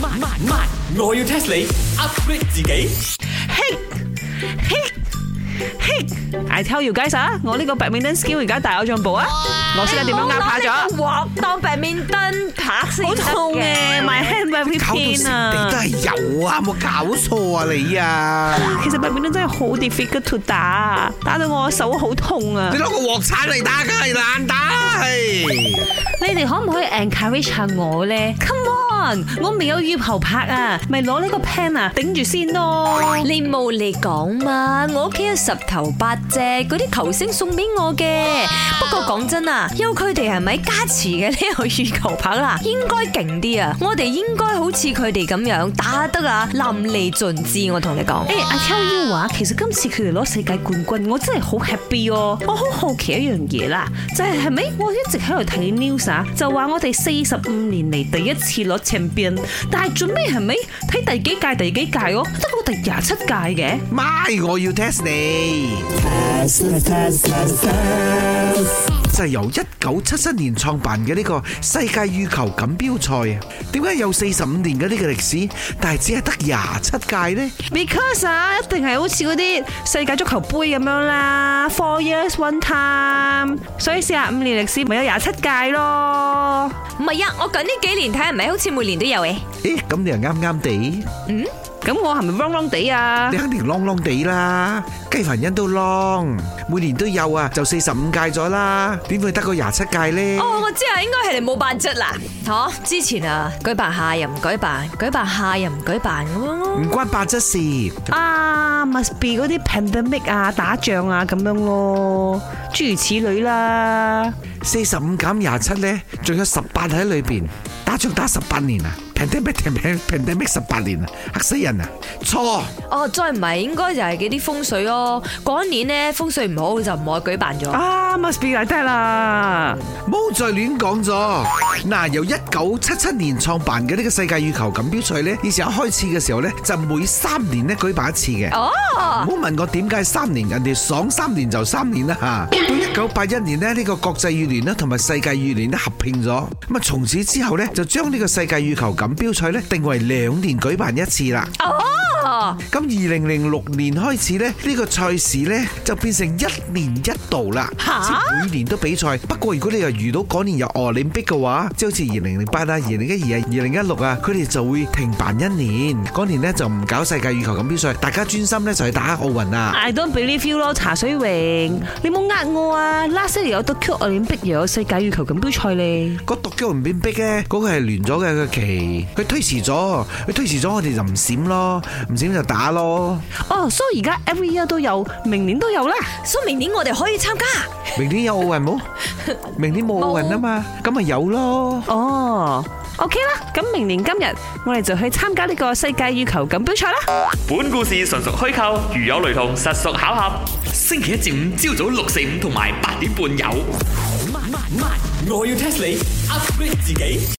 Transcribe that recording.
My My. 我要 test 你 upgrade 自己。嘿，嘿，嘿！I tell you guys 啊，我呢個白面盾 skill 而家大有進步啊！我 Sir 嘅電拍咗，當白面盾拍先得好痛嘅，my hand very pain 啊！搞到有啊，冇搞錯啊你啊！其實白面盾真係好 difficult 打，打到我手好痛啊！你攞個鑊鏟嚟打梗係，難打。你哋可唔可以 encourage 下我咧？我未有羽球拍啊，咪攞呢個 pen 啊頂住先咯。你冇嚟講嘛，我屋企有十頭八隻，嗰啲球星送俾我嘅。不過講真啊，有佢哋係咪加持嘅呢個羽球拍啊？應該勁啲啊。我哋應該好似佢哋咁樣打得啊，淋漓盡致。我同你講，誒，阿 Chiu 話其實今次佢哋攞世界冠軍，我真係好 happy 哦。我好好奇一樣嘢啦，就係係咪我一直喺度睇 news 啊，就話我哋四十五年嚟第一次攞。但係做咩係咪睇第幾屆第幾屆哦？得我第廿七屆嘅。媽，我要 test 你。就係由一九七七年創辦嘅呢個世界羽球錦標賽，點解有四十五年嘅呢個歷史，但係只係得廿七屆呢？Because 啊，一定係好似嗰啲世界足球杯咁樣啦，four years one time，所以四十五年歷史，咪有廿七屆咯。唔係呀，我近呢幾年睇唔係好似每年都有誒。誒、欸，咁你又啱啱地？嗯。咁我係咪 long long 地啊？你肯定啷啷 n 地啦，雞凡人都啷，每年都有啊，就四十五屆咗啦，點會得個廿七屆咧？哦，oh, 我知啊，應該係你冇辦質啦，吓、oh, 之前啊，舉辦下又唔舉辦，舉辦下又唔舉辦咁樣，唔關辦質事啊，ah, must be 嗰啲 pandemic 啊，打仗啊咁樣咯，諸如此類啦。四十五減廿七咧，仲有十八喺裏邊，打仗打十八年啊！平地滅平平十八年啊，嚇死人啊！錯哦，oh, 再唔係應該就係幾啲風水咯。嗰年咧風水唔好就唔可以舉辦咗啊，oh！Must be my e a d 啦。再亂講咗嗱，由一九七七年創辦嘅呢個世界羽球錦標賽呢，以前一開始嘅時候呢，就每三年咧舉辦一次嘅。哦，唔好問我點解三年，人哋爽三年就三年啦嚇。到一九八一年呢，呢、呢個國際羽聯咧同埋世界羽聯都合併咗，咁啊，從此之後呢，就將呢個世界羽球錦標賽呢定為兩年舉辦一次啦。Oh. 咁二零零六年開始咧，呢、這個賽事咧就變成一年一度啦，即每年都比賽。啊、不過如果你又遇到嗰年有奧林匹嘅話，即係好似二零零八啊、二零一二、二零一六啊，佢哋就會停辦一年，嗰年咧就唔搞世界羽球錦標賽，大家專心咧就去打奧運啊。I don't believe you 咯，茶水泳，你冇呃我啊！Last year 有得 Q 奧林匹，又有世界羽球錦標賽咧。嗰奪 Q 唔變逼嘅，嗰、那個係亂咗嘅個期，佢推遲咗，佢推遲咗，我哋就唔閃咯，唔打咯！哦，所以而家 every year 都有，明年都有啦，所以明年我哋可以參加。明年有奧運冇？明年冇奧運啊嘛，咁咪有咯。哦，OK 啦，咁明年今日我哋就去參加呢個世界羽球錦標賽啦。本故事純屬虛構，如有雷同，實屬巧合。星期一至五朝早六四五同埋八點半有。我要 test 你，upgrade 自己。